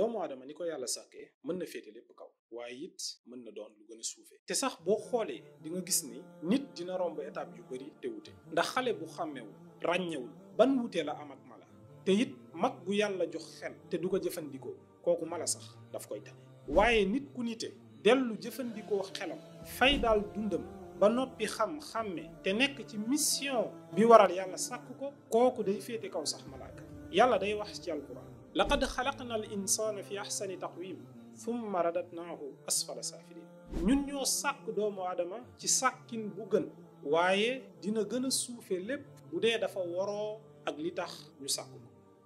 doomu aadama ni ko yàlla sàkkee mën na féete lépp kaw waaye it mën na doon lu gën suufee te sax boo xoolee di nga gis ni nit dina romb étape yu bëri te wute ndax xale bu xàmmewul ràññewul ban wutee la am ak mala te it mag bu yàlla jox xel te du ko jëfandikoo kooku mala sax daf koy tane waaye nit ku nite dellu jëfandikoo xelam fay daal dundam ba noppi xam xàmme te nekk ci mission bi waral yàlla sàkk ko kooku day féete kaw sax malaaka yàlla day wax ci alquran laqad xalaqna al insana fi ahsani taqwim thumma radatnaahu asfala saafilin ñun ñoo sàkk doomu aadama ci sàkkin bu gën waaye dina gën a suufe lépp bu dee dafa waroo ak li tax ñu sàkk ko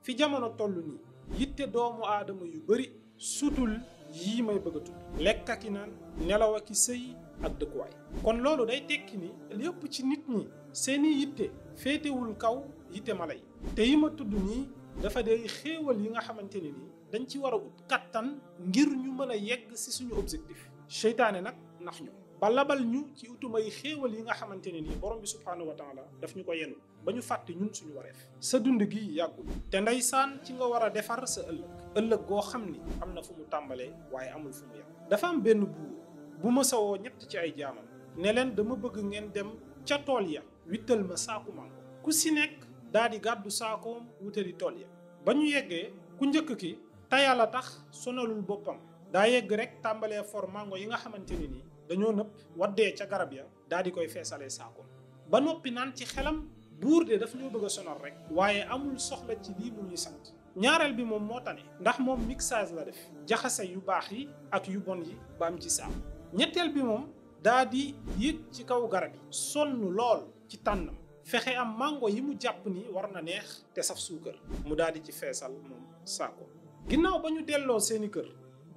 fi jamono toll nii yitte doomu aadama yu bëri sutul yii may bëgg a tudd lekk ak i naan nelaw ak i sëy ak dëkkuwaay kon loolu day tekki ni yépp ci nit ñi seeni yitte féetewul kaw yitte mala yi te yi ma tudd nii dafa day xéewal yi nga xamante ne dañ ci war ut kattan ngir ñu mën a yegg si suñu objectif seytaane nag nax ñu ba labal ñu ci utumay xéewal yi nga xamante ne nii borom bi subhaanahu wa taala daf ñu ko yenu ba ñu fàtte ñun suñu wareef sa dund gi yàggul te ndeysaan ci nga war a defar sa ëllëg ëllëg goo xam ni am na fu mu tàmbalee waaye amul fu mu yem dafa am benn buur bu ma sawoo ñett ci ay jaamam ne leen dama bëgg ngeen dem ca tool ya wittal ma saaku mango ku si nekk daal di gàddu saakoom wutali tool ya ba ñu yeggee ku njëkk ki te yàlla tax sonalul boppam daa yegg rek tàmbalee for mango yi nga xamante ni nii dañoo nëpp waddee ca garab ya daal di koy feesalee saakoom ba noppi naan ci xelam buur de daf ñoo bëgg a sonal rek waaye amul soxla ci lii mu ñuy sant ñaareel bi moom moo tane ndax moom mixage la def jaxase yu baax yi ak yu bon yi ba am ci saam ñetteel bi moom daa di yëg ci kaw garab yi sonn lool ci tànnam fexe am màngo yi mu jàpp ni war na neex te saf suukar mu daal di ci feesal moom saako ginnaaw ba ñu delloo seeni kër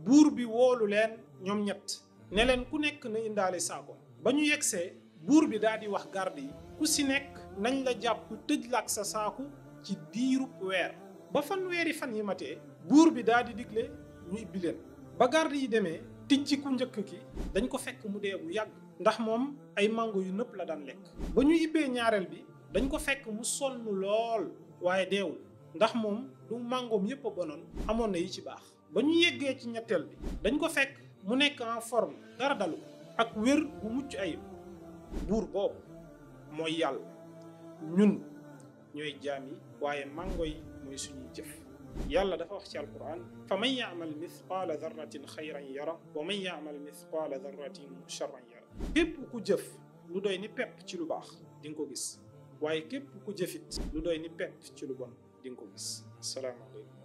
buur bi woolu leen ñoom ñett ne leen ku nekk na indaale saako ba ñu yegsee buur bi daal di wax garde yi ku si nekk nañ la jàpp tëj la sa saaku ci diirub weer ba fan weeri fan yi matee buur bi daal di digle ñu ibbi leen ba garde yi demee tijji ku njëkk ki dañ ko fekk mu dee bu yàgg ndax moom ay mango yu nëpp la daan lekk ba ñu ibbee ñaareel bi dañ ko fekk mu sonn lool waaye deewul ndax moom du mangoom yépp a bonoon amoon na yi ci baax ba ñu yeggee ci ñetteel bi dañ ko fekk mu nekk en forme dara dalu ak wér bu mucc ayib buur boobu mooy yàlla ñun ñooy jaam yi waaye mango yi mooy suñuy jëf yàlla dafa wax ci alquran fa man yaamal mithqaala darratin xayran yara wa man yaamal mithqaala darratin charran yara képp ku jëf lu doy ni pepp ci lu baax di nga ko gis waaye képp ku jëfit lu doy ni pepp ci lu bon di nga ko gis asalaamaaleykum